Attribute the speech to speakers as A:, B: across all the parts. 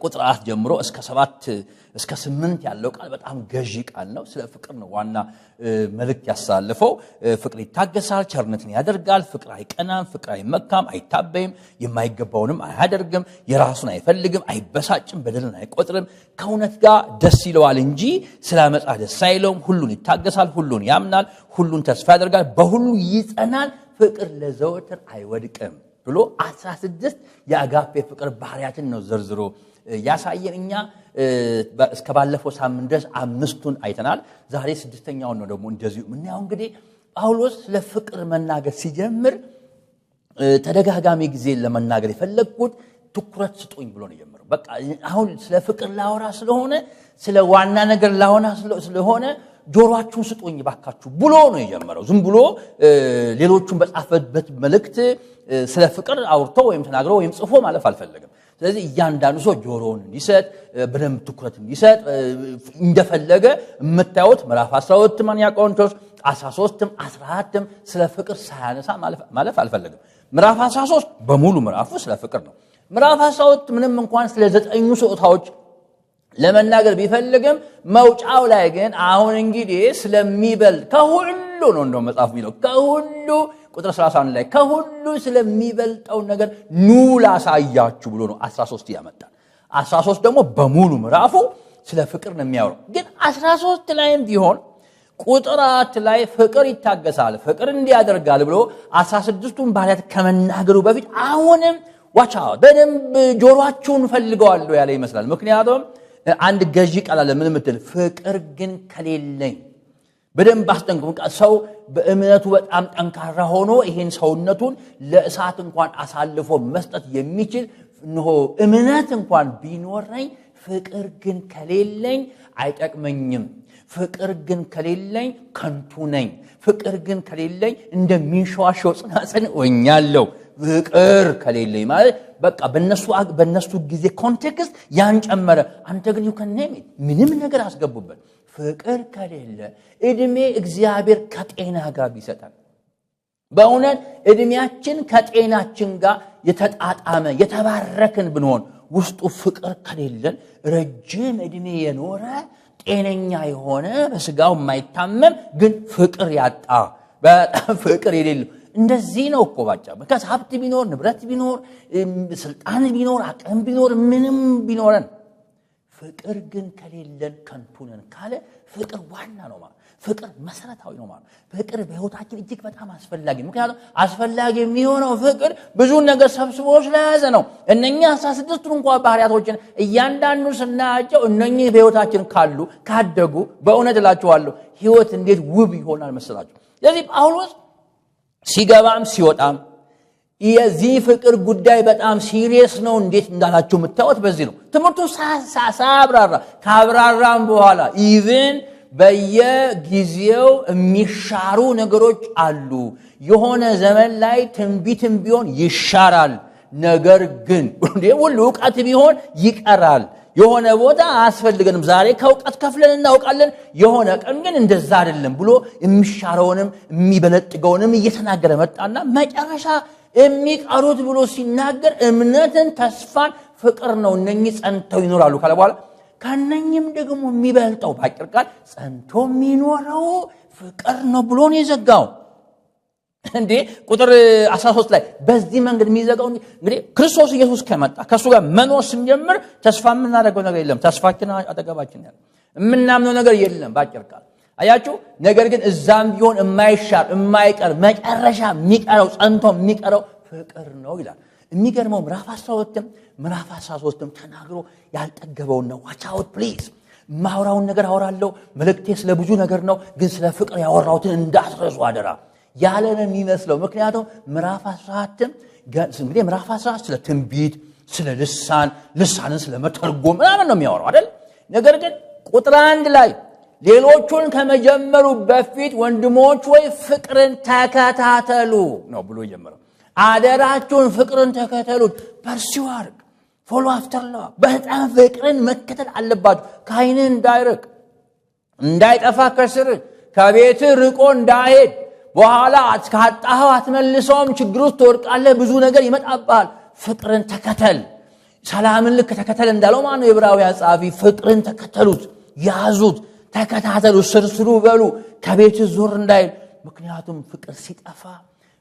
A: ከቁጥር አራት ጀምሮ እስከ ሰባት እስከ ስምንት ያለው ቃል በጣም ገዢ ቃል ነው። ስለ ፍቅር ነው ዋና መልእክት ያስተላልፈው። ፍቅር ይታገሳል፣ ቸርነትን ያደርጋል፣ ፍቅር አይቀናም፣ ፍቅር አይመካም፣ አይታበይም፣ የማይገባውንም አያደርግም፣ የራሱን አይፈልግም፣ አይበሳጭም፣ በደልን አይቆጥርም፣ ከእውነት ጋር ደስ ይለዋል እንጂ ስለ ደስ አይለውም። ሁሉን ይታገሳል፣ ሁሉን ያምናል፣ ሁሉን ተስፋ ያደርጋል፣ በሁሉ ይጸናል፣ ፍቅር ለዘወትር አይወድቅም ብሎ 16 የአጋፔ ፍቅር ባህሪያትን ነው ዘርዝሮ ያሳየን እኛ እስከ ባለፈው ሳምንት ድረስ አምስቱን አይተናል። ዛሬ ስድስተኛውን ነው ደግሞ እንደዚሁ የምናየው። እንግዲህ ጳውሎስ ስለ ፍቅር መናገር ሲጀምር ተደጋጋሚ ጊዜ ለመናገር የፈለግኩት ትኩረት ስጡኝ ብሎ ነው የጀመረው። በቃ አሁን ስለ ፍቅር ላወራ ስለሆነ ስለ ዋና ነገር ላወራ ስለሆነ ጆሯችሁን ስጡኝ ባካችሁ ብሎ ነው የጀመረው። ዝም ብሎ ሌሎቹን በጻፈበት መልእክት ስለ ፍቅር አውርቶ ወይም ተናግሮ ወይም ጽፎ ማለፍ አልፈለግም። ስለዚህ እያንዳንዱ ሰው ጆሮውን እንዲሰጥ በደንብ ትኩረት እንዲሰጥ እንደፈለገ የምታዩት ምዕራፍ 12 ማን ያቆሮንቶስ 13ም 14ም ስለ ፍቅር ሳያነሳ ማለፍ አልፈለግም ምዕራፍ 13 በሙሉ ምዕራፉ ስለ ፍቅር ነው ምዕራፍ 12 ምንም እንኳን ስለ ዘጠኙ ስጦታዎች ለመናገር ቢፈልግም መውጫው ላይ ግን አሁን እንግዲህ ስለሚበልጥ ከሁሉ ነው እንደው መጽሐፍ የሚለው ከሁሉ ቁጥር 31 ላይ ከሁሉ ስለሚበልጠው ነገር ኑ ላሳያችሁ ብሎ ነው 13 ያመጣል። 13 ደግሞ በሙሉ ምዕራፉ ስለ ፍቅር ነው የሚያወራው። ግን 13 ላይም ቢሆን ቁጥራት ላይ ፍቅር ይታገሳል፣ ፍቅር እንዲያደርጋል ብሎ 16ቱን ባህሪያት ከመናገሩ በፊት አሁንም ዋቻ በደንብ ጆሮአችሁን ፈልገዋለሁ ያለ ይመስላል። ምክንያቱም አንድ ገዢ ቃል አለ ምን ምትል ፍቅር ግን ከሌለኝ በደንብ አስጠንቅቁ። ሰው በእምነቱ በጣም ጠንካራ ሆኖ ይህን ሰውነቱን ለእሳት እንኳን አሳልፎ መስጠት የሚችል እንሆ እምነት እንኳን ቢኖረኝ ፍቅር ግን ከሌለኝ አይጠቅመኝም። ፍቅር ግን ከሌለኝ ከንቱ ነኝ። ፍቅር ግን ከሌለኝ እንደሚንሸዋሸው ጽናጽን ወኛለሁ። ፍቅር ከሌለኝ ማለት በቃ በነሱ ጊዜ ኮንቴክስት ያን ጨመረ። አንተ ግን ምንም ነገር አስገቡበት ፍቅር ከሌለ እድሜ እግዚአብሔር ከጤና ጋር ይሰጣል። በእውነት እድሜያችን ከጤናችን ጋር የተጣጣመ የተባረክን ብንሆን ውስጡ ፍቅር ከሌለን ረጅም እድሜ የኖረ ጤነኛ የሆነ በስጋው የማይታመም ግን ፍቅር ያጣ በጣም ፍቅር የሌለው እንደዚህ ነው እኮ ባጫ ሀብት ቢኖር ንብረት ቢኖር ስልጣን ቢኖር አቅም ቢኖር ምንም ቢኖረን ፍቅር ግን ከሌለን ከንቱንን ካለ ፍቅር ዋና ነው ማለት ፍቅር መሰረታዊ ነው ማለት ፍቅር በህይወታችን እጅግ በጣም አስፈላጊ ምክንያቱም አስፈላጊ የሚሆነው ፍቅር ብዙ ነገር ሰብስቦ ስለያዘ ነው እነኛ አስራ ስድስቱን እንኳ ባህርያቶችን እያንዳንዱ ስናያቸው እነኚህ በህይወታችን ካሉ ካደጉ በእውነት እላችኋለሁ ህይወት እንዴት ውብ ይሆናል መስላቸው ስለዚህ ጳውሎስ ሲገባም ሲወጣም የዚህ ፍቅር ጉዳይ በጣም ሲሪየስ ነው። እንዴት እንዳላችሁ የምታዩት በዚህ ነው። ትምህርቱ ሳያብራራ ካብራራም በኋላ ኢቨን በየጊዜው የሚሻሩ ነገሮች አሉ። የሆነ ዘመን ላይ ትንቢትም ቢሆን ይሻራል። ነገር ግን ሁሉ እውቀት ቢሆን ይቀራል። የሆነ ቦታ አያስፈልገንም። ዛሬ ከእውቀት ከፍለን እናውቃለን፣ የሆነ ቀን ግን እንደዛ አይደለም ብሎ የሚሻረውንም የሚበለጥገውንም እየተናገረ መጣና መጨረሻ የሚቀሩት ብሎ ሲናገር እምነትን፣ ተስፋን፣ ፍቅር ነው። እነኚህ ጸንተው ይኖራሉ ካለ በኋላ ከነኝም ደግሞ የሚበልጠው በአጭር ቃል ጸንቶ የሚኖረው ፍቅር ነው ብሎ ነው የዘጋው። እንዴ ቁጥር 13 ላይ በዚህ መንገድ የሚዘጋው እንግዲህ ክርስቶስ ኢየሱስ ከመጣ ከእሱ ጋር መኖር ስንጀምር ተስፋ የምናደርገው ነገር የለም። ተስፋችን አጠገባችን ያለ የምናምነው ነገር የለም። በአጭር ቃል አያችሁ። ነገር ግን እዛም ቢሆን የማይሻር የማይቀር መጨረሻ የሚቀረው ጸንቶ የሚቀረው ፍቅር ነው ይላል። የሚገርመው ምዕራፍ 12ም ምዕራፍ 13 ተናግሮ ያልጠገበውን ነው። ዋቻውት ፕሊዝ ማውራውን ነገር አወራለሁ። መልእክቴ ስለ ብዙ ነገር ነው፣ ግን ስለ ፍቅር ያወራሁትን እንዳስረሱ አደራ ያለን የሚመስለው። ምክንያቱም ምዕራፍ 14 እንግዲህ ምዕራፍ 14 ስለ ትንቢት፣ ስለ ልሳን፣ ልሳንን ስለ መተርጎም ምናምን ነው የሚያወራው አይደል። ነገር ግን ቁጥር አንድ ላይ ሌሎቹን ከመጀመሩ በፊት ወንድሞች ወይ ፍቅርን ተከታተሉ ነው ብሎ ጀመረው። አደራችሁን ፍቅርን ተከተሉት። ፐርሲው ፎሎ አፍተር ለ በጣም ፍቅርን መከተል አለባችሁ። ከአይን እንዳይርቅ እንዳይጠፋ ከስር ከቤት ርቆ እንዳሄድ በኋላ ካጣኸው አትመልሰውም። ችግር ውስጥ ትወድቃለህ። ብዙ ነገር ይመጣባል ፍቅርን ተከተል ሰላምን ልክ ተከተል እንዳለው ማነው የብራዊ ጸሐፊ ፍቅርን ተከተሉት ያዙት ተከታተሉ፣ ስርስሩ በሉ፣ ከቤት ዙር እንዳይል። ምክንያቱም ፍቅር ሲጠፋ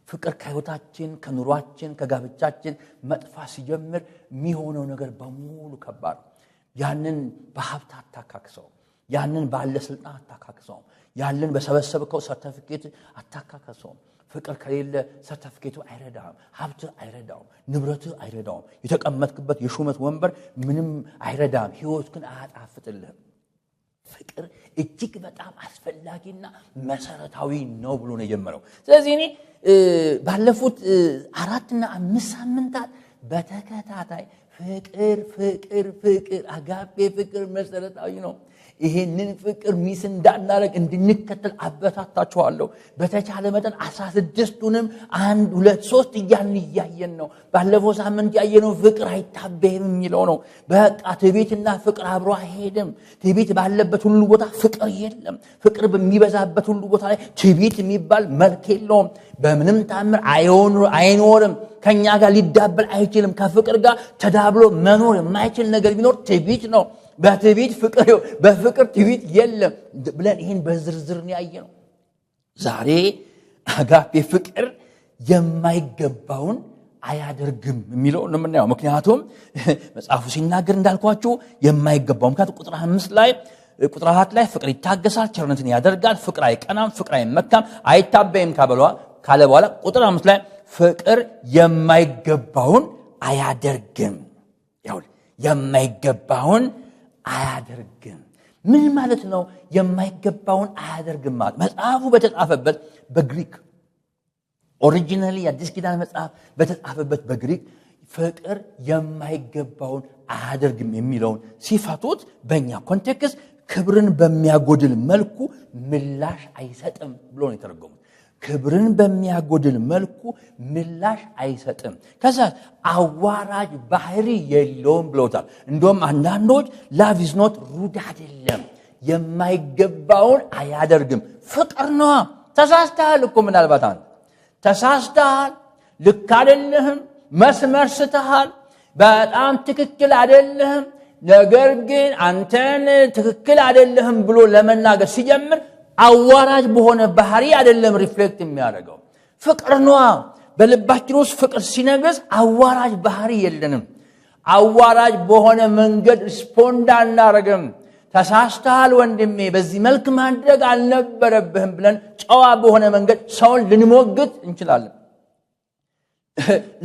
A: ፍቅር ከህይወታችን ከኑሯችን ከጋብቻችን መጥፋ ሲጀምር የሚሆነው ነገር በሙሉ ከባድ። ያንን በሀብት አታካክሰው፣ ያንን ባለስልጣን አታካክሰው፣ ያንን በሰበሰብከው ሰርተፊኬት አታካክሰው። ፍቅር ከሌለ ሰርተፊኬቱ አይረዳም፣ ሀብት አይረዳውም፣ ንብረት አይረዳውም፣ የተቀመጥክበት የሹመት ወንበር ምንም አይረዳም። ህይወት ግን አያጣፍጥልህም። ፍቅር እጅግ በጣም አስፈላጊና መሰረታዊ ነው ብሎ ነው የጀመረው። ስለዚህ እኔ ባለፉት አራትና አምስት ሳምንታት በተከታታይ ፍቅር ፍቅር ፍቅር አጋፔ ፍቅር መሰረታዊ ነው ይሄንን ፍቅር ሚስ እንዳናረግ እንድንከተል አበታታችኋለሁ። በተቻለ መጠን አስራ ስድስቱንም አንድ ሁለት ሶስት እያልን እያየን ነው። ባለፈው ሳምንት ያየነው ፍቅር አይታበይም የሚለው ነው። በቃ ትቤትና ፍቅር አብሮ አይሄድም። ትቤት ባለበት ሁሉ ቦታ ፍቅር የለም። ፍቅር በሚበዛበት ሁሉ ቦታ ላይ ትቤት የሚባል መልክ የለውም። በምንም ታምር አይኖርም። ከኛ ጋር ሊዳበል አይችልም። ከፍቅር ጋር ተዳብሎ መኖር የማይችል ነገር ቢኖር ትዕቢት ነው። በትዕቢት ፍቅር በፍቅር ትዕቢት የለም ብለን ይህን በዝርዝር ያየ ነው። ዛሬ አጋፔ ፍቅር የማይገባውን አያደርግም የሚለው የምናየው ምክንያቱም መጽሐፉ ሲናገር እንዳልኳችሁ የማይገባው ምክንያቱም ቁጥር አምስት ላይ ቁጥር አራት ላይ ፍቅር ይታገሳል፣ ቸርነትን ያደርጋል፣ ፍቅር አይቀናም፣ ፍቅር አይመካም፣ አይታበይም ካለ በኋላ ቁጥር አምስት ላይ ፍቅር የማይገባውን አያደርግም። የማይገባውን አያደርግም። ምን ማለት ነው? የማይገባውን አያደርግም ማለት መጽሐፉ በተጻፈበት በግሪክ ኦሪጂናሊ የአዲስ ኪዳን መጽሐፍ በተጻፈበት በግሪክ ፍቅር የማይገባውን አያደርግም የሚለውን ሲፈቱት በእኛ ኮንቴክስት ክብርን በሚያጎድል መልኩ ምላሽ አይሰጥም ብሎ ነው የተረጎሙት። ክብርን በሚያጎድል መልኩ ምላሽ አይሰጥም። ከዛ አዋራጅ ባህሪ የለውም ብለውታል። እንደውም አንዳንዶች ላቭ ኢዝ ኖት ሩድ አይደለም፣ የማይገባውን አያደርግም፣ ፍቅር ነዋ። ተሳስተሃል እኮ ምናልባት አንተ ተሳስተሃል፣ ልክ አይደለህም፣ መስመር ስተሃል፣ በጣም ትክክል አይደለህም። ነገር ግን አንተን ትክክል አይደለህም ብሎ ለመናገር ሲጀምር አዋራጅ በሆነ ባህሪ አይደለም ሪፍሌክት የሚያደርገው ፍቅር ነዋ። በልባችን ውስጥ ፍቅር ሲነግስ አዋራጅ ባህሪ የለንም። አዋራጅ በሆነ መንገድ ሪስፖንድ አናረግም። ተሳስተሃል ወንድሜ፣ በዚህ መልክ ማድረግ አልነበረብህም ብለን ጨዋ በሆነ መንገድ ሰውን ልንሞግት እንችላለን።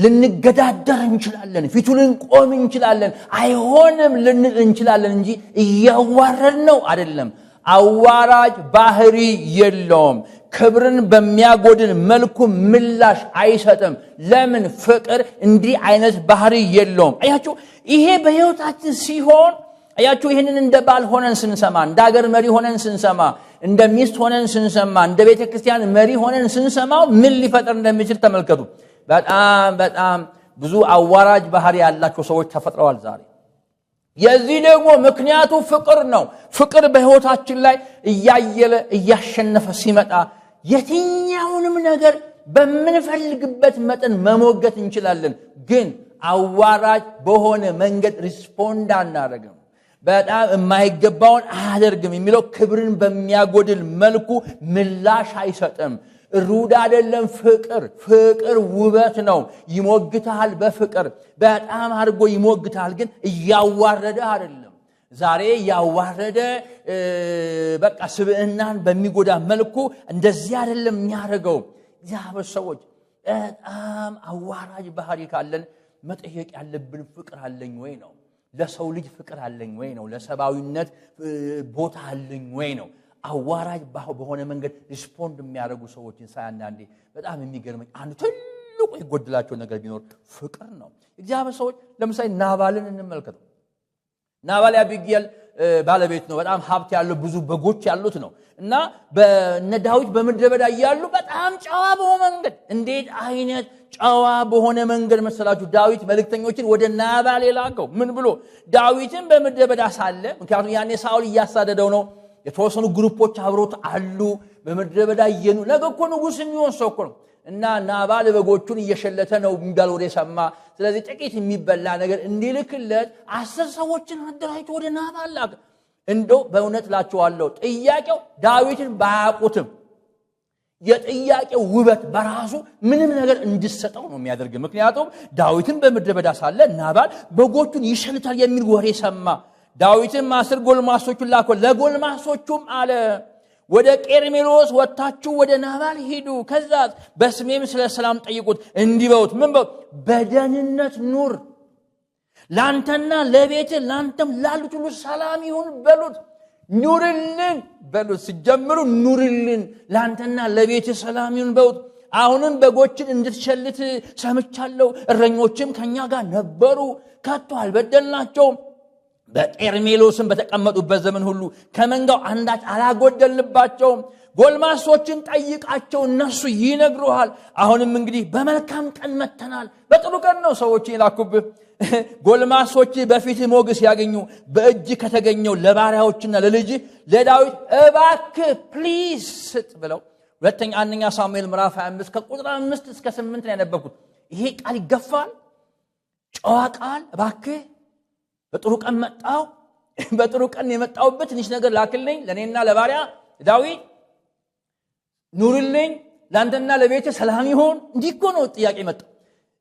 A: ልንገዳደር እንችላለን። ፊቱ ልንቆም እንችላለን። አይሆንም ልንል እንችላለን እንጂ እያዋረድ ነው አይደለም። አዋራጅ ባህሪ የለውም። ክብርን በሚያጎድን መልኩ ምላሽ አይሰጥም። ለምን? ፍቅር እንዲህ አይነት ባህሪ የለውም። አያችሁ፣ ይሄ በህይወታችን ሲሆን አያችሁ ይህንን እንደ ባል ሆነን ስንሰማ፣ እንደ አገር መሪ ሆነን ስንሰማ፣ እንደ ሚስት ሆነን ስንሰማ፣ እንደ ቤተ ክርስቲያን መሪ ሆነን ስንሰማው ምን ሊፈጠር እንደሚችል ተመልከቱ። በጣም በጣም ብዙ አዋራጅ ባህሪ ያላቸው ሰዎች ተፈጥረዋል ዛሬ የዚህ ደግሞ ምክንያቱ ፍቅር ነው። ፍቅር በሕይወታችን ላይ እያየለ እያሸነፈ ሲመጣ የትኛውንም ነገር በምንፈልግበት መጠን መሞገት እንችላለን። ግን አዋራጅ በሆነ መንገድ ሪስፖንድ አናደርግም። በጣም የማይገባውን አያደርግም የሚለው ክብርን በሚያጎድል መልኩ ምላሽ አይሰጥም። ሩድ አይደለም። ፍቅር ፍቅር ውበት ነው። ይሞግትሃል፣ በፍቅር በጣም አድርጎ ይሞግትሃል። ግን እያዋረደ አይደለም። ዛሬ እያዋረደ በቃ ስብዕናን በሚጎዳ መልኩ እንደዚህ አይደለም የሚያደርገው። እግዚአብሔር ሰዎች በጣም አዋራጅ ባህሪ ካለን መጠየቅ ያለብን ፍቅር አለኝ ወይ ነው። ለሰው ልጅ ፍቅር አለኝ ወይ ነው። ለሰብአዊነት ቦታ አለኝ ወይ ነው። አዋራጅ በሆነ መንገድ ሪስፖንድ የሚያደርጉ ሰዎችን ሳይ በጣም የሚገርመኝ አንዱ ትልቁ የጎደላቸው ነገር ቢኖር ፍቅር ነው። እግዚአብሔር ሰዎች ለምሳሌ ናባልን እንመልከተው። ናባል ያቢግያል ባለቤት ነው። በጣም ሀብት ያለው ብዙ በጎች ያሉት ነው እና በነዳዊት ዳዊት በምድረ በዳ እያሉ በጣም ጨዋ በሆነ መንገድ እንዴት አይነት ጨዋ በሆነ መንገድ መሰላችሁ ዳዊት መልእክተኞችን ወደ ናባል የላከው ምን ብሎ ዳዊትን በምድረ በዳ ሳለ ምክንያቱም ያኔ ሳውል እያሳደደው ነው የተወሰኑ ግሩፖች አብሮት አሉ። በምድረ በዳ እየኑ ነገ እኮ ንጉስ የሚሆን ሰው እኮ ነው እና ናባል በጎቹን እየሸለተ ነው የሚባል ወደ ሰማ። ስለዚህ ጥቂት የሚበላ ነገር እንዲልክለት አስር ሰዎችን አደራጅቶ ወደ ናባል ላከ። እንደው በእውነት ላችኋለሁ ጥያቄው ዳዊትን ባያውቁትም የጥያቄው ውበት በራሱ ምንም ነገር እንድሰጠው ነው የሚያደርግ። ምክንያቱም ዳዊትን በምድረ በዳ ሳለ ናባል በጎቹን ይሸልታል የሚል ወሬ ሰማ። ዳዊትም አስር ጎልማሶቹን ላኮ። ለጎልማሶቹም አለ ወደ ቄርሜሎስ ወታችሁ ወደ ናባል ሂዱ። ከዛ በስሜም ስለ ሰላም ጠይቁት፣ እንዲበውት በውት ምን በውት በደህንነት ኑር፣ ላንተና ለቤት ላንተም ላሉት ሁሉ ሰላም ይሁን በሉት። ኑርልን በሉት። ሲጀምሩ ኑርልን፣ ላንተና ለቤት ሰላም ይሁን በሉት። አሁንም በጎችን እንድትሸልት ሰምቻለሁ፣ እረኞችም ከእኛ ጋር ነበሩ፣ ከቶ አልበደልናቸውም። በጤርሜሎስም በተቀመጡበት ዘመን ሁሉ ከመንጋው አንዳች አላጎደልባቸውም ጎልማሶችን ጠይቃቸው እነሱ ይነግሩሃል አሁንም እንግዲህ በመልካም ቀን መተናል በጥሩ ቀን ነው ሰዎች የላኩብህ ጎልማሶች በፊት ሞገስ ያገኙ በእጅ ከተገኘው ለባሪያዎችና ለልጅ ለዳዊት እባክ ፕሊዝ ስጥ ብለው ሁለተኛ አንደኛ ሳሙኤል ምዕራፍ 25 ከቁጥር 5 እስከ ስምንት ነው ያነበብኩት ይሄ ቃል ይገፋል ጨዋ ቃል እባክህ በጥሩ ቀን መጣው። በጥሩ ቀን የመጣውበት ትንሽ ነገር ላክልኝ፣ ለእኔና ለባሪያ ዳዊት ኑርልኝ፣ ለአንተና ለቤተ ሰላም ይሁን። እንዲህ ነው ጥያቄ መጣው።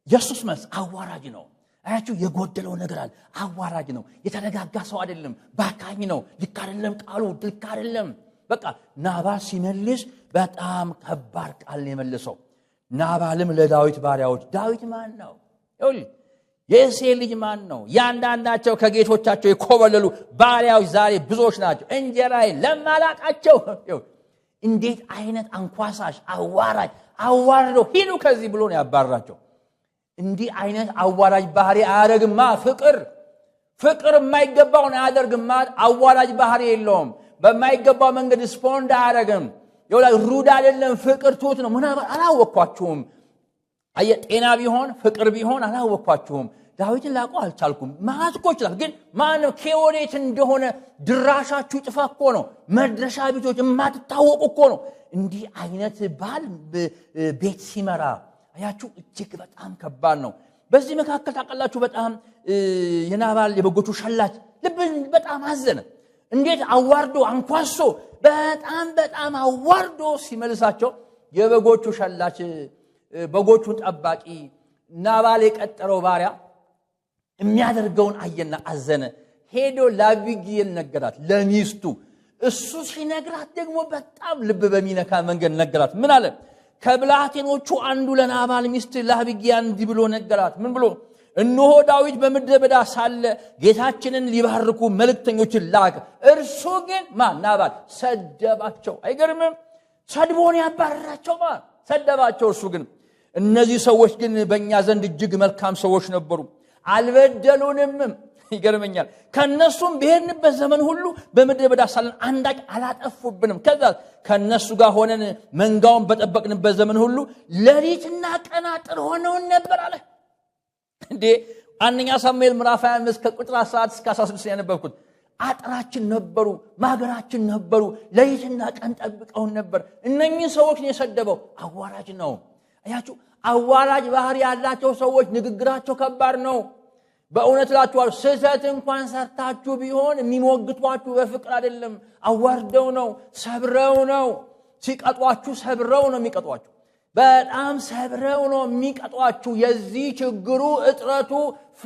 A: ኢየሱስ መልስ አዋራጅ ነው። አያችሁ፣ የጎደለው ነገር አለ። አዋራጅ ነው። የተረጋጋ ሰው አይደለም። ባካኝ ነው። ልክ አይደለም። ቃሉ ልክ አይደለም። በቃ ናባል ሲመልስ በጣም ከባድ ቃል የመለሰው። ናባልም ለዳዊት ባሪያዎች ዳዊት ማን ነው? የእሴይ ልጅ ማን ነው? ያንዳንዳቸው ከጌቶቻቸው የኮበለሉ ባሪያዎች ዛሬ ብዙዎች ናቸው። እንጀራ ለማላቃቸው እንዴት አይነት አንኳሳሽ አዋራጅ አዋርደው ሂዱ ከዚህ ብሎ ነው ያባራቸው። እንዲህ አይነት አዋራጅ ባህሪ አያደርግማ ፍቅር ፍቅር የማይገባውን አያደርግማ። አዋራጅ ባህሪ የለውም። በማይገባው መንገድ ስፖንድ አያደርግም። ሩድ አይደለም ፍቅር ትሁት ነው። ምናምን አላወቅኳችሁም ጤና ቢሆን ፍቅር ቢሆን አላወኳችሁም ዳዊትን ላቆ አልቻልኩም። መዓት ይችላል፣ ግን ማን ከወዴት እንደሆነ ድራሻችሁ ጥፋ እኮ ነው። መድረሻ ቤቶች የማትታወቁ እኮ ነው። እንዲህ አይነት ባል ቤት ሲመራ አያችሁ፣ እጅግ በጣም ከባድ ነው። በዚህ መካከል ታቀላችሁ በጣም የናባል የበጎቹ ሸላች ልብን በጣም አዘነ። እንዴት አዋርዶ አንኳሶ፣ በጣም በጣም አዋርዶ ሲመልሳቸው የበጎቹ ሸላች በጎቹን ጠባቂ ናባል የቀጠረው ባሪያ የሚያደርገውን አየና አዘነ። ሄዶ ለአቢግየል ነገራት፣ ለሚስቱ። እሱ ሲነግራት ደግሞ በጣም ልብ በሚነካ መንገድ ነገራት። ምን አለ? ከብላቴኖቹ አንዱ ለናባል ሚስት ለአቢግያ እንዲህ ብሎ ነገራት። ምን ብሎ? እነሆ ዳዊት በምድረ በዳ ሳለ ጌታችንን ሊባርኩ መልክተኞችን ላከ። እርሱ ግን ማ ናባል ሰደባቸው። አይገርምም? ሰድቦን ያባረራቸው ማ ሰደባቸው። እርሱ ግን እነዚህ ሰዎች ግን በእኛ ዘንድ እጅግ መልካም ሰዎች ነበሩ፣ አልበደሉንም። ይገርመኛል። ከነሱም በሄድንበት ዘመን ሁሉ በምድር በዳ ሳለን አንዳች አላጠፉብንም። ከዛ ከነሱ ጋር ሆነን መንጋውን በጠበቅንበት ዘመን ሁሉ ለሪትና ቀናጥር ሆነውን ነበር አለ። እንዴ አንደኛ ሳሙኤል ምዕራፍ 25 ከቁጥር 14 እስከ 16 ያነበብኩት አጥራችን ነበሩ፣ ማገራችን ነበሩ፣ ሌሊትና ቀን ጠብቀውን ነበር። እነኚህ ሰዎች የሰደበው አዋራጅ ነው። አያችሁ አዋላጅ ባህር ያላቸው ሰዎች ንግግራቸው ከባድ ነው በእውነት ላችኋል ስህተት እንኳን ሰርታችሁ ቢሆን የሚሞግቷችሁ በፍቅር አይደለም አዋርደው ነው ሰብረው ነው ሲቀጧችሁ ሰብረው ነው የሚቀጧችሁ በጣም ሰብረው ነው የሚቀጧችሁ የዚህ ችግሩ እጥረቱ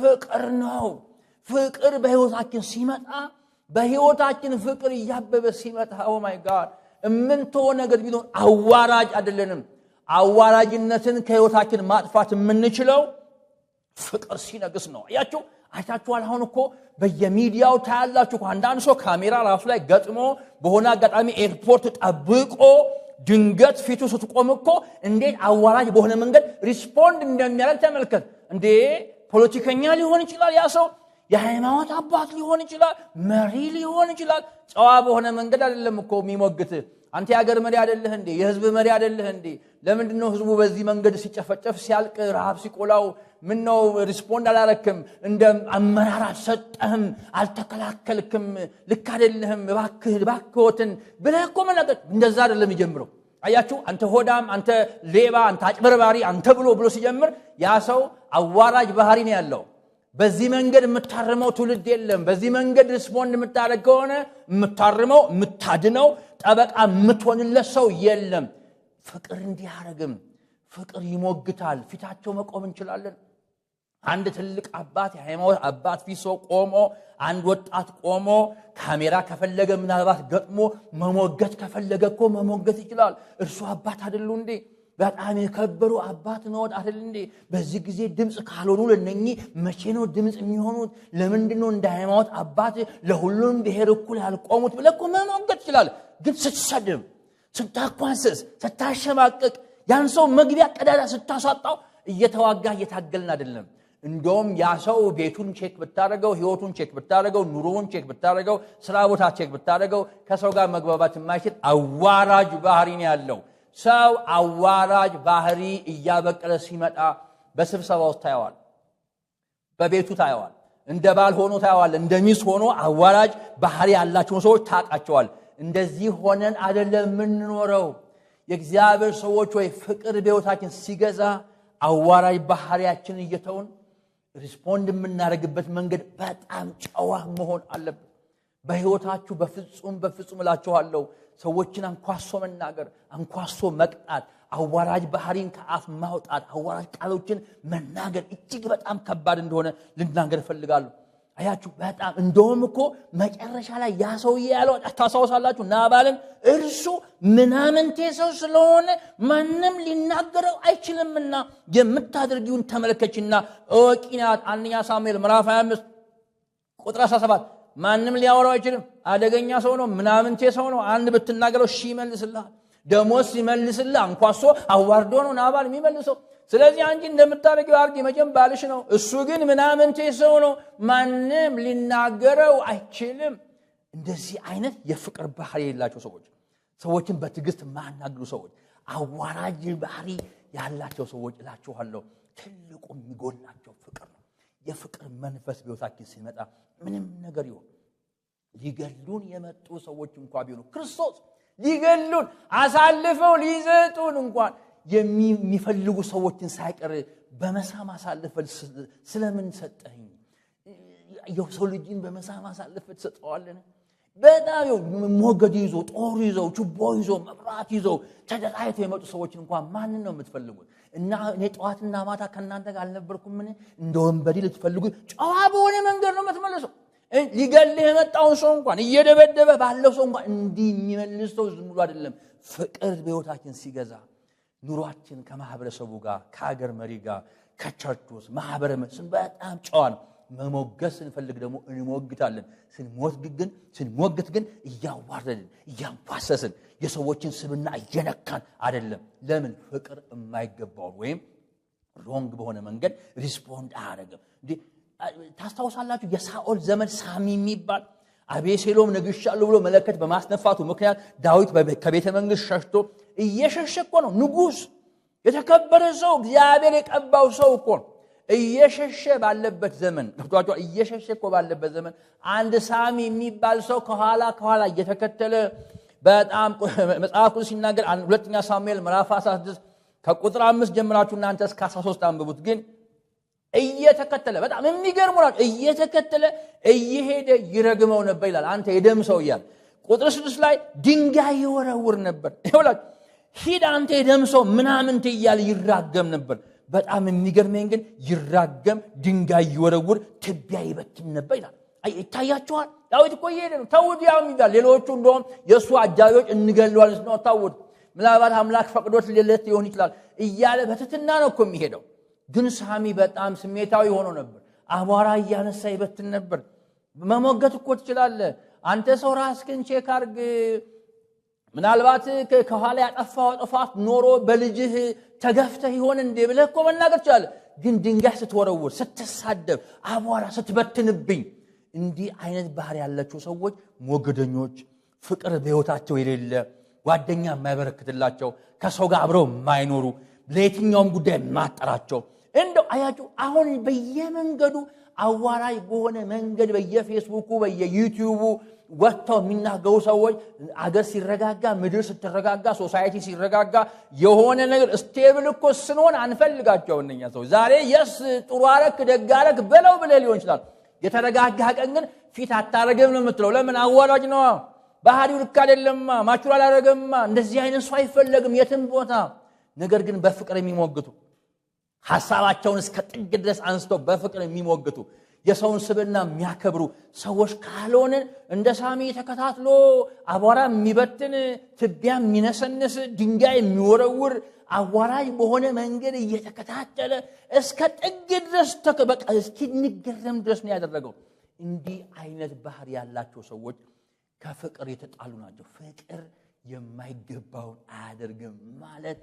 A: ፍቅር ነው ፍቅር በህይወታችን ሲመጣ በህይወታችን ፍቅር እያበበ ሲመጣ ማይ ጋድ የምንተወ ነገር ቢሆን አዋራጅ አይደለንም አዋራጅነትን ከህይወታችን ማጥፋት የምንችለው ፍቅር ሲነግስ ነው። አያችሁ አይታችኋል። አሁን እኮ በየሚዲያው ታያላችሁ። አንዳንድ ሰው ካሜራ ራሱ ላይ ገጥሞ በሆነ አጋጣሚ ኤርፖርት ጠብቆ ድንገት ፊቱ ስትቆም እኮ እንዴት አዋራጅ በሆነ መንገድ ሪስፖንድ እንደሚያደርግ ተመልከት። እንዴ ፖለቲከኛ ሊሆን ይችላል ያ ሰው፣ የሃይማኖት አባት ሊሆን ይችላል፣ መሪ ሊሆን ይችላል። ጨዋ በሆነ መንገድ አይደለም እኮ የሚሞግትህ አንተ የሀገር መሪ አደለህ እንዴ? የህዝብ መሪ አደለህ እንዴ? ለምንድን ነው ህዝቡ በዚህ መንገድ ሲጨፈጨፍ፣ ሲያልቅ፣ ረሃብ ሲቆላው ምን ነው ሪስፖንድ አላረክም? እንደ አመራር አልሰጠህም፣ አልተከላከልክም፣ ልክ አደለህም፣ እባክህ እባክዎትን ብለህ እኮ መናገር እንደዛ አደለም ይጀምረው። አያችሁ አንተ ሆዳም፣ አንተ ሌባ፣ አንተ አጭበርባሪ፣ አንተ ብሎ ብሎ ሲጀምር ያ ሰው አዋራጅ ባህሪ ነው ያለው። በዚህ መንገድ የምታርመው ትውልድ የለም። በዚህ መንገድ ሪስፖንድ የምታደርግ ከሆነ የምታርመው የምታድነው ጠበቃ የምትሆንለት ሰው የለም። ፍቅር እንዲህ ፍቅር ይሞግታል። ፊታቸው መቆም እንችላለን። አንድ ትልቅ አባት የሃይማኖት አባት ፊሶ ቆሞ አንድ ወጣት ቆሞ ካሜራ ከፈለገ ምናልባት ገጥሞ መሞገት ከፈለገ እኮ መሞገት ይችላል። እርሱ አባት አይደሉ እንዴ? በጣም የከበሩ አባት ነዎት አይደል እንዴ? በዚህ ጊዜ ድምፅ ካልሆኑ ለነኚህ መቼ ነው ድምፅ የሚሆኑት? ለምንድነው እንደ ሃይማኖት አባት ለሁሉም ብሔር እኩል ያልቆሙት ብለ መሞገት ይችላል። ግን ስትሰድብ፣ ስታኳንስስ፣ ስታሸማቅቅ ያን ሰው መግቢያ ቀዳዳ ስታሳጣው እየተዋጋ እየታገልን አይደለም። እንደውም ያ ሰው ቤቱን ቼክ ብታደረገው፣ ህይወቱን ቼክ ብታደረገው፣ ኑሮውን ቼክ ብታደረገው፣ ስራ ቦታ ቼክ ብታደረገው ከሰው ጋር መግባባት የማይችል አዋራጅ ባህሪ ነው ያለው። ሰው አዋራጅ ባህሪ እያበቀለ ሲመጣ በስብሰባ ውስጥ ታየዋል፣ በቤቱ ታየዋል፣ እንደ ባል ሆኖ ታየዋል፣ እንደ ሚስ ሆኖ አዋራጅ ባህሪ ያላቸውን ሰዎች ታውቃቸዋል። እንደዚህ ሆነን አደለም የምንኖረው። የእግዚአብሔር ሰዎች ወይ ፍቅር በሕይወታችን ሲገዛ አዋራጅ ባህርያችን እየተውን ሪስፖንድ የምናደርግበት መንገድ በጣም ጨዋ መሆን አለብን። በሕይወታችሁ በፍጹም በፍጹም እላችኋለሁ ሰዎችን አንኳሶ መናገር፣ አንኳሶ መቅጣት፣ አዋራጅ ባህሪን ከአፍ ማውጣት፣ አዋራጅ ቃሎችን መናገር እጅግ በጣም ከባድ እንደሆነ ልናገር እፈልጋለሁ። አያችሁ በጣም እንደውም እኮ መጨረሻ ላይ ያ ሰውዬ ያለው ታስታውሳላችሁ ናባልን እርሱ ምናምንቴ ሰው ስለሆነ ማንም ሊናገረው አይችልምና የምታደርጊውን ተመለከችና እወቂናት አንደኛ ሳሙኤል ምራፍ 25 ቁጥር 17 ማንም ሊያወራው አይችልም አደገኛ ሰው ነው ምናምንቴ ሰው ነው አንድ ብትናገረው ሺ ይመልስልሃል ደሞዝ ሲመልስልህ አንኳሶ አዋርዶ ነው ናባል የሚመልሰው። ስለዚህ አንቺ እንደምታደርጊው አድርጊ፣ መጀም ባልሽ ነው። እሱ ግን ምናምንቴ ሰው ነው፣ ማንም ሊናገረው አይችልም። እንደዚህ አይነት የፍቅር ባህሪ የሌላቸው ሰዎች፣ ሰዎችን በትዕግስት ማናግሉ ሰዎች፣ አዋራጅ ባህሪ ያላቸው ሰዎች እላችኋለሁ ትልቁ የሚጎላቸው ፍቅር ነው። የፍቅር መንፈስ ቢወታችን ሲመጣ ምንም ነገር ይሆን ሊገሉን የመጡ ሰዎች እንኳ ቢሆኑ ክርስቶስ ሊገሉን አሳልፈው ሊሰጡን እንኳን የሚፈልጉ ሰዎችን ሳይቀር በመሳም አሳልፈን ስለምን ሰጠኝ? የሰው ልጅን በመሳም አሳልፈን ትሰጠዋለን? በጣም ሞገድ ይዞ ጦር ይዘው ችቦ ይዞ መብራት ይዘው ተደራይተው የመጡ ሰዎችን እንኳን ማንን ነው የምትፈልጉት? እና እኔ ጠዋትና ማታ ከእናንተ ጋር አልነበርኩምን? እንደ ወንበዴ ልትፈልጉ ጨዋ በሆነ መንገድ ነው የምትመለሰው። ሊገልህ የመጣውን ሰው እንኳን እየደበደበ ባለው ሰው እንኳን እንዲህ የሚመልስ ሰው ዝም ብሎ አይደለም። ፍቅር በሕይወታችን ሲገዛ ኑሯችን ከማህበረሰቡ ጋር ከሀገር መሪ ጋር ከቸርች ውስጥ ማህበረ ስን በጣም ጨዋ ነው። መሞገስ ስንፈልግ ደግሞ እንሞግታለን። ስንሞግት ግን ስንሞግት ግን እያዋረድን እያንፋሰስን የሰዎችን ስብና እየነካን አይደለም። ለምን ፍቅር የማይገባውን ወይም ሮንግ በሆነ መንገድ ሪስፖንድ አያደርግም። እንዲህ ታስታውሳላችሁ የሳኦል ዘመን ሳሚ የሚባል አቤሴሎም ነግሻለሁ ብሎ መለከት በማስነፋቱ ምክንያት ዳዊት ከቤተ መንግስት ሸሽቶ እየሸሸ እኮ ነው ንጉሥ የተከበረ ሰው እግዚአብሔር የቀባው ሰው እኮ እየሸሸ ባለበት ዘመን ገብቷቸ እየሸሸ እኮ ባለበት ዘመን አንድ ሳሚ የሚባል ሰው ከኋላ ከኋላ እየተከተለ በጣም መጽሐፍ ቅዱስ ሲናገር ሁለተኛ ሳሙኤል ምዕራፍ 16 ከቁጥር አምስት ጀምራችሁ እናንተ እስከ 13 አንብቡት ግን እየተከተለ በጣም የሚገርሙ ናቸው። እየተከተለ እየሄደ ይረግመው ነበር ይላል። አንተ የደም ሰው እያል ቁጥር ስድስት ላይ ድንጋይ ይወረውር ነበር። ይኸውላችሁ ሂድ አንተ የደም ሰው ምናምን እያል ይራገም ነበር። በጣም የሚገርመኝ ግን ይራገም፣ ድንጋይ ይወረውር፣ ትቢያ ይበትን ነበር ይላል። ይታያችኋል። ዳዊት እኮ እየሄደ ነው። ተውት ያው የሚባል ሌሎቹ እንደውም የእሱ አጃቢዎች እንገለዋል ነው ታውት ምናልባት አምላክ ፈቅዶት ሌለት ሊሆን ይችላል እያለ በትትና ነው እኮ የሚሄደው ግን ሳሚ በጣም ስሜታዊ ሆኖ ነበር። አቧራ እያነሳ ይበትን ነበር። መሞገት እኮ ትችላለ አንተ ሰው ራስክን ቼክ አርግ። ምናልባት ከኋላ ያጠፋው ጥፋት ኖሮ በልጅህ ተገፍተህ ይሆን እንዴ ብለህ እኮ መናገር ትችላለህ። ግን ድንጋይ ስትወረውር፣ ስትሳደብ፣ አቧራ ስትበትንብኝ እንዲህ አይነት ባህር ያላቸው ሰዎች ሞገደኞች፣ ፍቅር በሕይወታቸው የሌለ ጓደኛ የማይበረክትላቸው፣ ከሰው ጋር አብረው የማይኖሩ፣ ለየትኛውም ጉዳይ የማጠራቸው እንደው አያችሁ አሁን በየመንገዱ አዋራጅ በሆነ መንገድ በየፌስቡኩ በየዩቲዩቡ ወጥተው የሚናገሩ ሰዎች አገር ሲረጋጋ፣ ምድር ስትረጋጋ፣ ሶሳይቲ ሲረጋጋ የሆነ ነገር ስቴብል እኮ ስንሆን አንፈልጋቸው። እነኛ ሰዎች ዛሬ የስ ጥሩ አረክ ደግ አረክ በለው ብለህ ሊሆን ይችላል። የተረጋጋ ቀን ግን ፊት አታረግም ነው የምትለው። ለምን? አዋራጅ ነዋ። ባህሪው ልክ አይደለማ። ማቹራል አላረገማ። እንደዚህ አይነት ሰው አይፈለግም የትም ቦታ። ነገር ግን በፍቅር የሚሞግቱ ሐሳባቸውን እስከ ጥግ ድረስ አንስተው በፍቅር የሚሞግቱ የሰውን ስብና የሚያከብሩ ሰዎች ካልሆንን እንደ ሳሚ ተከታትሎ አቧራ የሚበትን ትቢያ የሚነሰንስ ድንጋይ የሚወረውር አዋራጅ በሆነ መንገድ እየተከታተለ እስከ ጥግ ድረስ በቃ እስኪንገረም ድረስ ነው ያደረገው። እንዲህ አይነት ባህር ያላቸው ሰዎች ከፍቅር የተጣሉ ናቸው። ፍቅር የማይገባውን አያደርግም ማለት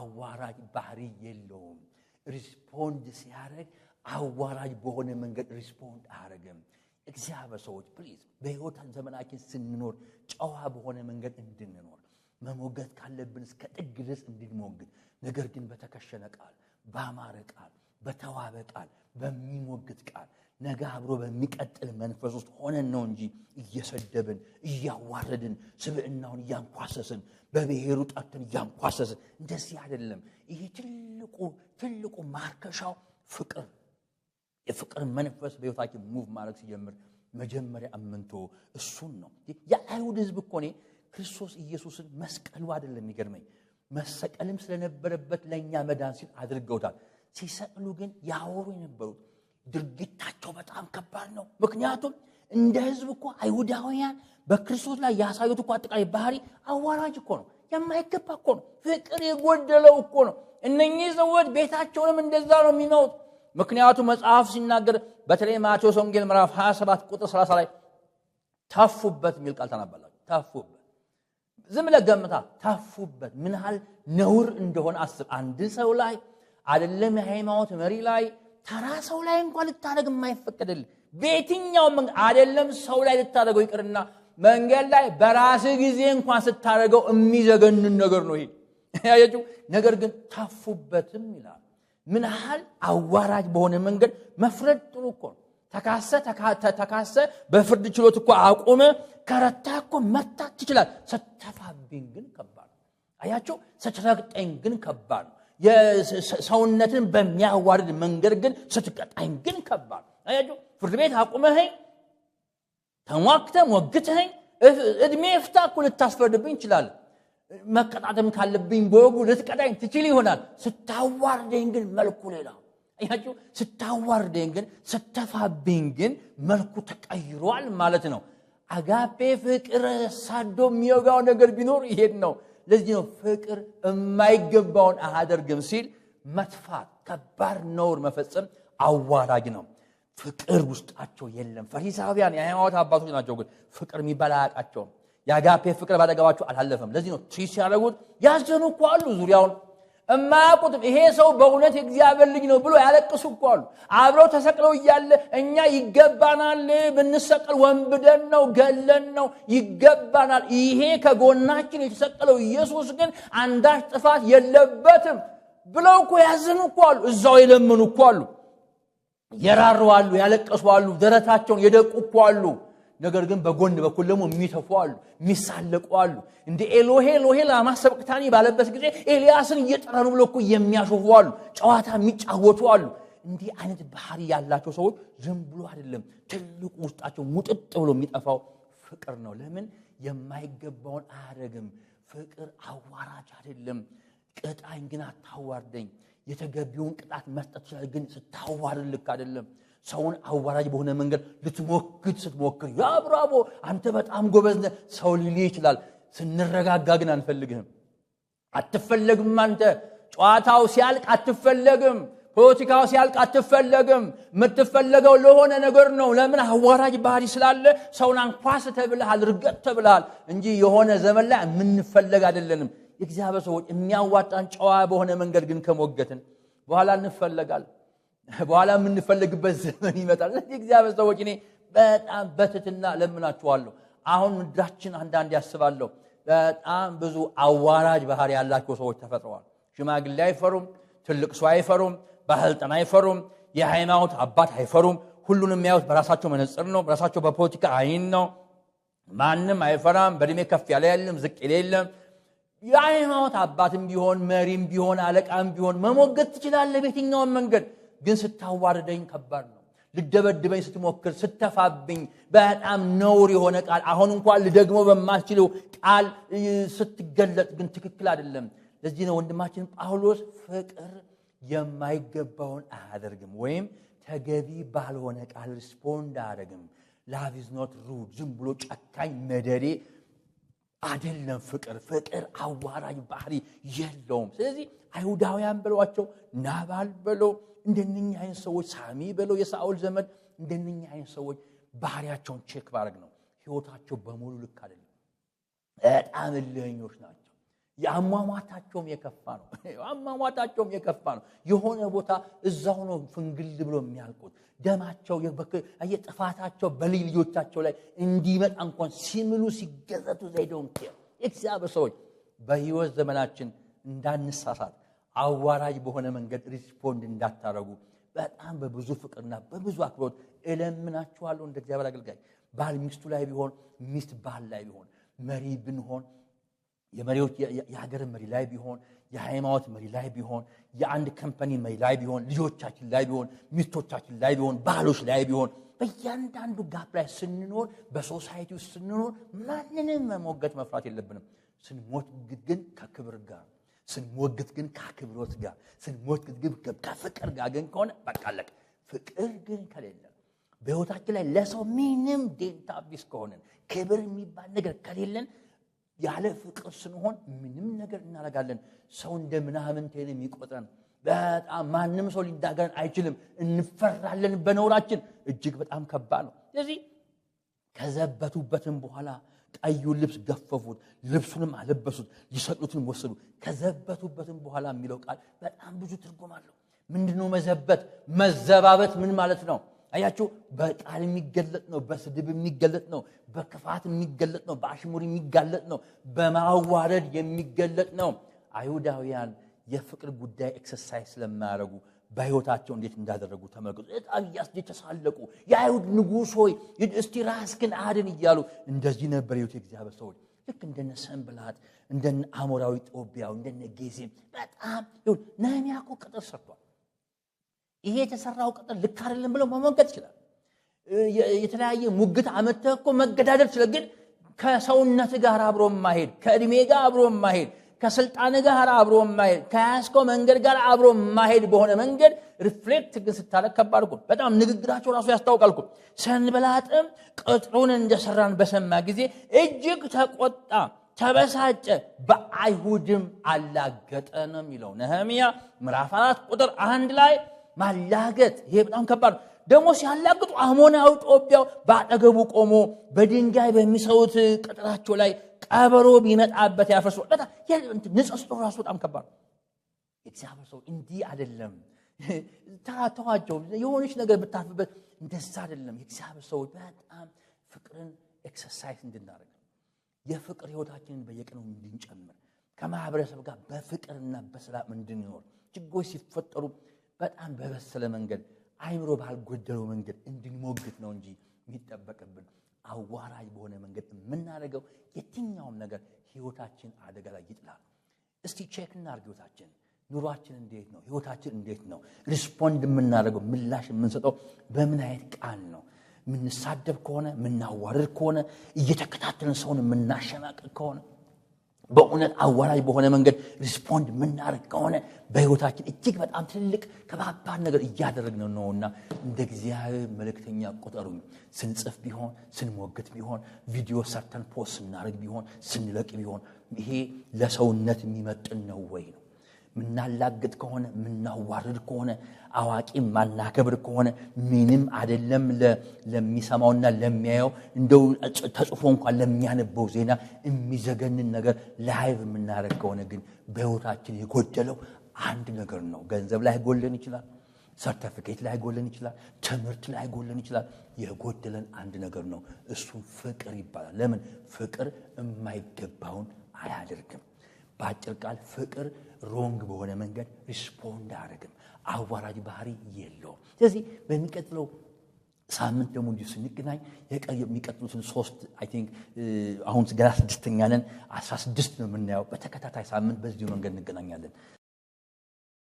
A: አዋራጅ ባህሪ የለውም። ሪስፖንድ ሲያደረግ አዋራጅ በሆነ መንገድ ሪስፖንድ አያደረግም። እግዚአብሔር ሰዎች ፕሊዝ በህይወት ዘመናችን ስንኖር ጨዋ በሆነ መንገድ እንድንኖር መሞገት ካለብን እስከ ጥግ ድረስ እንድንሞግት፣ ነገር ግን በተከሸነ ቃል፣ ባማረ ቃል፣ በተዋበ ቃል፣ በሚሞግት ቃል ነገ አብሮ በሚቀጥል መንፈስ ውስጥ ሆነን ነው እንጂ እየሰደብን እያዋረድን ስብዕናውን እያንኳሰስን በብሔሩ ጠርተን እያንኳሰስን እንደዚህ አይደለም። ይሄ ትልቁ ትልቁ ማርከሻው ፍቅር፣ የፍቅር መንፈስ በሕይወታችን ሙቭ ማድረግ ሲጀምር መጀመሪያ አምንቶ እሱን ነው። የአይሁድ ሕዝብ እኮ እኔ ክርስቶስ ኢየሱስን መስቀሉ አይደለም የሚገርመኝ፣ መሰቀልም ስለነበረበት ለእኛ መዳን ሲል አድርገውታል። ሲሰቅሉ ግን ያወሩ የነበሩት ድርጊታቸው በጣም ከባድ ነው። ምክንያቱም እንደ ህዝብ እኮ አይሁዳውያን በክርስቶስ ላይ ያሳዩት እኮ አጠቃላይ ባህሪ አዋራጅ እኮ ነው። የማይገባ እኮ ነው። ፍቅር የጎደለው እኮ ነው። እነኚህ ሰዎች ቤታቸውንም እንደዛ ነው የሚመውት። ምክንያቱም መጽሐፍ ሲናገር በተለይ ማቴዎስ ወንጌል ምዕራፍ 27 ቁጥር 30 ላይ ተፉበት የሚል ቃል ተናባላችሁ። ተፉበት ዝም ብለህ ገምታ። ተፉበት ምን ያህል ነውር እንደሆነ አስብ። አንድ ሰው ላይ አይደለም የሃይማኖት መሪ ላይ ተራ ሰው ላይ እንኳን ልታደረግ የማይፈቀድል በየትኛውም አይደለም ሰው ላይ ልታደረገው ይቅርና መንገድ ላይ በራስ ጊዜ እንኳን ስታደረገው የሚዘገንን ነገር ነው ይሄ ነገር ግን ተፉበትም ይላል ምን ያህል አዋራጅ በሆነ መንገድ መፍረድ ጥሩ እኮ ተካሰ ተካሰ በፍርድ ችሎት እኮ አቁመ ከረታ እኮ መርታት ትችላል ስተፋብኝ ግን ከባድ አያቸው ስትረግጠኝ ግን ከባድ ነው ሰውነትን በሚያዋርድ መንገድ ግን ስትቀጣኝ ግን ከባድ አያጁ ፍርድ ቤት አቁመኸኝ ተሟክተ ሞግተኸኝ እድሜ ፍታ እኮ ልታስፈርድብኝ ይችላል መቀጣትም ካለብኝ በወጉ ልትቀጣኝ ትችል ይሆናል ስታዋርደኝ ግን መልኩ ሌላ አያችሁ ስታዋርደኝ ግን ስተፋብኝ ግን መልኩ ተቀይሯል ማለት ነው አጋፔ ፍቅር ሳዶ የሚወጋው ነገር ቢኖር ይሄድ ነው ለዚህ ነው ፍቅር የማይገባውን አያደርግም ሲል መጥፋት፣ ከባድ ነውር መፈጸም አዋራጅ ነው። ፍቅር ውስጣቸው የለም። ፈሪሳውያን የሃይማኖት አባቶች ናቸው፣ ግን ፍቅር የሚባል አያውቃቸውም። የአጋፔ ፍቅር ባጠገባቸው አላለፈም። ለዚህ ነው ትሪት ሲያደርጉት ያዘኑ እኮ አሉ ዙሪያውን እማያውቁትም ይሄ ሰው በእውነት የእግዚአብሔር ልጅ ነው ብሎ ያለቅሱ እኮ አሉ። አብረው ተሰቅለው እያለ እኛ ይገባናል ብንሰቀል ወንብደን ነው ገለን ነው ይገባናል። ይሄ ከጎናችን የተሰቀለው ኢየሱስ ግን አንዳች ጥፋት የለበትም ብለው እኮ ያዝኑ እኮ አሉ። እዛው የለምኑ እኮ አሉ። የራሩ አሉ፣ ያለቀሱ አሉ፣ ደረታቸውን የደቁ እኮ አሉ። ነገር ግን በጎን በኩል ደግሞ የሚተፉ አሉ፣ የሚሳለቁ አሉ። እንደ ኤሎሄ ኤሎሄ ለማሰብቅታኒ ባለበት ጊዜ ኤልያስን እየጠረኑ ብሎ እኮ የሚያሾፉ አሉ፣ ጨዋታ የሚጫወቱ አሉ። እንዲህ አይነት ባህሪ ያላቸው ሰዎች ዝም ብሎ አይደለም ትልቁ ውስጣቸው ሙጥጥ ብሎ የሚጠፋው ፍቅር ነው። ለምን የማይገባውን አያደርግም። ፍቅር አዋራጅ አይደለም። ቅጣኝ ግን አታዋርደኝ። የተገቢውን ቅጣት መስጠት ግን ስታዋርልክ አይደለም። ሰውን አዋራጅ በሆነ መንገድ ልትሞግት ስትሞክር ያ ብራቦ አንተ በጣም ጎበዝነ ሰው ሊልህ ይችላል። ስንረጋጋ ግን አንፈልግህም። አትፈለግም። አንተ ጨዋታው ሲያልቅ አትፈለግም። ፖለቲካው ሲያልቅ አትፈለግም። የምትፈለገው ለሆነ ነገር ነው። ለምን? አዋራጅ ባህሪ ስላለ ሰውን አንኳስ ተብልሃል፣ ርገጥ ተብልሃል እንጂ የሆነ ዘመን ላይ የምንፈለግ አይደለንም። የእግዚአብሔር ሰዎች የሚያዋጣን ጨዋ በሆነ መንገድ ግን ከሞገትን በኋላ እንፈለጋል። በኋላ የምንፈልግበት ዘመን ይመጣል። ስለዚህ እግዚአብሔር ሰዎች እኔ በጣም በትትና ለምናችኋለሁ። አሁን ምድራችን አንዳንድ ያስባለሁ በጣም ብዙ አዋራጅ ባህሪ ያላቸው ሰዎች ተፈጥረዋል። ሽማግሌ አይፈሩም፣ ትልቅ ሰው አይፈሩም፣ ባህልጠን አይፈሩም፣ የሃይማኖት አባት አይፈሩም። ሁሉንም የሚያዩት በራሳቸው መነጽር ነው፣ በራሳቸው በፖለቲካ አይን ነው። ማንም አይፈራም። በእድሜ ከፍ ያለ የለም፣ ዝቅ ያለ የለም። የሃይማኖት አባትም ቢሆን መሪም ቢሆን አለቃም ቢሆን መሞገት ትችላለህ በየትኛውም መንገድ ግን ስታዋርደኝ ከባድ ነው። ልደበድበኝ ስትሞክር፣ ስተፋብኝ፣ በጣም ነውር የሆነ ቃል አሁን እንኳን ልደግሞ በማስችለው ቃል ስትገለጥ ግን ትክክል አይደለም። ለዚህ ነው ወንድማችን ጳውሎስ ፍቅር የማይገባውን አያደርግም ወይም ተገቢ ባልሆነ ቃል ሪስፖንድ አያደርግም። ላቭ ኢዝ ኖት ሩድ ዝም ብሎ ጨካኝ መደሬ አደለም ፍቅር። ፍቅር አዋራጅ ባህሪ የለውም። ስለዚህ አይሁዳውያን በሏቸው፣ ናባል በለው እንደነኛ አይነት ሰዎች ሳሚ በለው የሳኦል ዘመድ እንደነኛ አይነት ሰዎች ባህሪያቸውን ቼክ ባረግ ነው ህይወታቸው በሙሉ ልክ አይደለም በጣም እልህኞች ናቸው የአሟሟታቸውም የከፋ ነው አሟሟታቸውም የከፋ ነው የሆነ ቦታ እዛው ነው ፍንግል ብሎ የሚያልቁት ደማቸው የጥፋታቸው በልይ ልጆቻቸው ላይ እንዲመጣ እንኳን ሲምሉ ሲገዘቱ ዘይደውን እግዚአብሔር ሰዎች በህይወት ዘመናችን እንዳንሳሳት አዋራጅ በሆነ መንገድ ሪስፖንድ እንዳታረጉ በጣም በብዙ ፍቅርና በብዙ አክብሮት እለምናችኋለሁ። እንደ እግዚአብሔር አገልጋይ ባል ሚስቱ ላይ ቢሆን፣ ሚስት ባል ላይ ቢሆን፣ መሪ ብንሆን የመሪዎች የሀገር መሪ ላይ ቢሆን፣ የሃይማኖት መሪ ላይ ቢሆን፣ የአንድ ከምፐኒ መሪ ላይ ቢሆን፣ ልጆቻችን ላይ ቢሆን፣ ሚስቶቻችን ላይ ቢሆን፣ ባሎች ላይ ቢሆን በእያንዳንዱ ጋፕ ላይ ስንኖር፣ በሶሳይቲ ውስጥ ስንኖር ማንንም መሞገት መፍራት የለብንም። ስንሞት ግን ከክብር ጋር ስንሞግት ግን ከአክብሮት ጋር ስንሞግት ግን ከፍቅር ጋር ግን ከሆነ በቃለቅ ፍቅር ግን ከሌለ በህይወታችን ላይ ለሰው ምንም ደንታ ቢስ ከሆነን ክብር የሚባል ነገር ከሌለን ያለ ፍቅር ስንሆን ምንም ነገር እናደርጋለን። ሰው እንደ ምናምንቴን የሚቆጥረን። በጣም ማንም ሰው ሊዳገረን አይችልም። እንፈራለን በነውራችን። እጅግ በጣም ከባድ ነው። ስለዚህ ከዘበቱበትም በኋላ ቀዩን ልብስ ገፈፉት፣ ልብሱንም አለበሱት፣ ሊሰጡትን ወሰዱ። ከዘበቱበትም በኋላ የሚለው ቃል በጣም ብዙ ትርጉም አለው። ምንድነው መዘበት? መዘባበት ምን ማለት ነው? አያችሁ፣ በቃል የሚገለጥ ነው፣ በስድብ የሚገለጥ ነው፣ በክፋት የሚገለጥ ነው፣ በአሽሙር የሚጋለጥ ነው፣ በማዋረድ የሚገለጥ ነው። አይሁዳውያን የፍቅር ጉዳይ ኤክሰርሳይዝ ስለማያደርጉ በሕይወታቸው እንዴት እንዳደረጉ ተመልከቱ። በጣም እየተሳለቁ የአይሁድ ንጉሥ ሆይ እስቲ ራስህን አድን እያሉ እንደዚህ ነበር የሕይወት የእግዚአብሔር ሰዎች። ልክ እንደነ ሰንብላት፣ እንደነ አሞራዊ ጦቢያው፣ እንደነ ጌዜም በጣም ነህምያ እኮ ቅጥር ሰርቷል። ይሄ የተሰራው ቅጥር ልክ አይደለም ብለው መመንቀጥ ይችላል። የተለያየ ሙግት አመተህ እኮ መገዳደር ይችላል። ግን ከሰውነት ጋር አብሮ ማሄድ ከእድሜ ጋር አብሮ ማሄድ ከስልጣን ጋር አብሮ ማሄድ ከያዝከው መንገድ ጋር አብሮ ማሄድ በሆነ መንገድ ሪፍሌክት ግን ስታደርግ ከባድ እኮ በጣም ንግግራቸው ራሱ ያስታውቃል እኮ። ሰንበላጥም ቅጥሩን እንደሰራን በሰማ ጊዜ እጅግ ተቆጣ፣ ተበሳጨ፣ በአይሁድም አላገጠንም ይለው ነህምያ ምዕራፍ አራት ቁጥር አንድ ላይ ማላገጥ ይሄ በጣም ከባድ ነው። ደግሞ ሲያላግጡ አሞናዊ ጦቢያው በአጠገቡ ቆሞ በድንጋይ በሚሰውት ቅጥራቸው ላይ ቀበሮ ቢመጣበት ያፈርሱ። ንጹህ ራሱ በጣም ከባድ ነው። ሰው እንዲህ አደለም ተዋቸው የሆነች ነገር ብታርፍበት እንደዛ አይደለም። የእግዚአብሔር ሰው በጣም ፍቅርን ኤክሰርሳይዝ እንድናደርግ የፍቅር ህይወታችንን በየቀኑ እንድንጨምር ከማህበረሰብ ጋር በፍቅርና በሰላም እንድንኖር ችግሮች ሲፈጠሩ በጣም በበሰለ መንገድ አይምሮ ባልጎደለው መንገድ እንድንሞግት ነው እንጂ የሚጠበቅብን አዋራጅ በሆነ መንገድ የምናደርገው የትኛውም ነገር ህይወታችን አደጋ ላይ ይጥላል። እስቲ ቼክ እናርግ ህይወታችን ኑሯችን እንዴት ነው? ህይወታችን እንዴት ነው? ሪስፖንድ የምናደርገው ምላሽ የምንሰጠው በምን አይነት ቃል ነው? የምንሳደብ ከሆነ የምናዋርድ ከሆነ እየተከታተልን ሰውን የምናሸናቅቅ ከሆነ በእውነት አዋራጅ በሆነ መንገድ ሪስፖንድ የምናደርግ ከሆነ በህይወታችን እጅግ በጣም ትልቅ ከባባድ ነገር እያደረግን ነውና እንደ እግዚአብሔር መልእክተኛ ቁጠሩኝ። ስንጽፍ ቢሆን ስንሞግት ቢሆን ቪዲዮ ሰርተን ፖስት ስናደርግ ቢሆን ስንለቅ ቢሆን ይሄ ለሰውነት የሚመጥን ነው ወይ ነው? ምናላግጥ ከሆነ ምናዋርድ ከሆነ አዋቂ ማናከብር ከሆነ ምንም አደለም ለሚሰማውና ለሚያየው እንደው ተጽፎ እንኳን ለሚያነበው ዜና የሚዘገንን ነገር ለሀይብ የምናደረግ ከሆነ ግን በህይወታችን የጎደለው አንድ ነገር ነው። ገንዘብ ላይ ጎልን ይችላል። ሰርተፊኬት ላይ ጎልን ይችላል። ትምህርት ላይ ጎልን ይችላል። የጎደለን አንድ ነገር ነው። እሱም ፍቅር ይባላል። ለምን? ፍቅር የማይገባውን አያደርግም። በአጭር ቃል ፍቅር ሮንግ በሆነ መንገድ ሪስፖንድ አያደርግም። አዋራጅ ባህሪ የለውም። ስለዚህ በሚቀጥለው ሳምንት ደግሞ እንዲሁ ስንገናኝ የሚቀጥሉትን ሶስት ቲንክ አሁን ገና ስድስተኛ ነን፣ አስራ ስድስት ነው የምናየው። በተከታታይ ሳምንት በዚሁ መንገድ እንገናኛለን።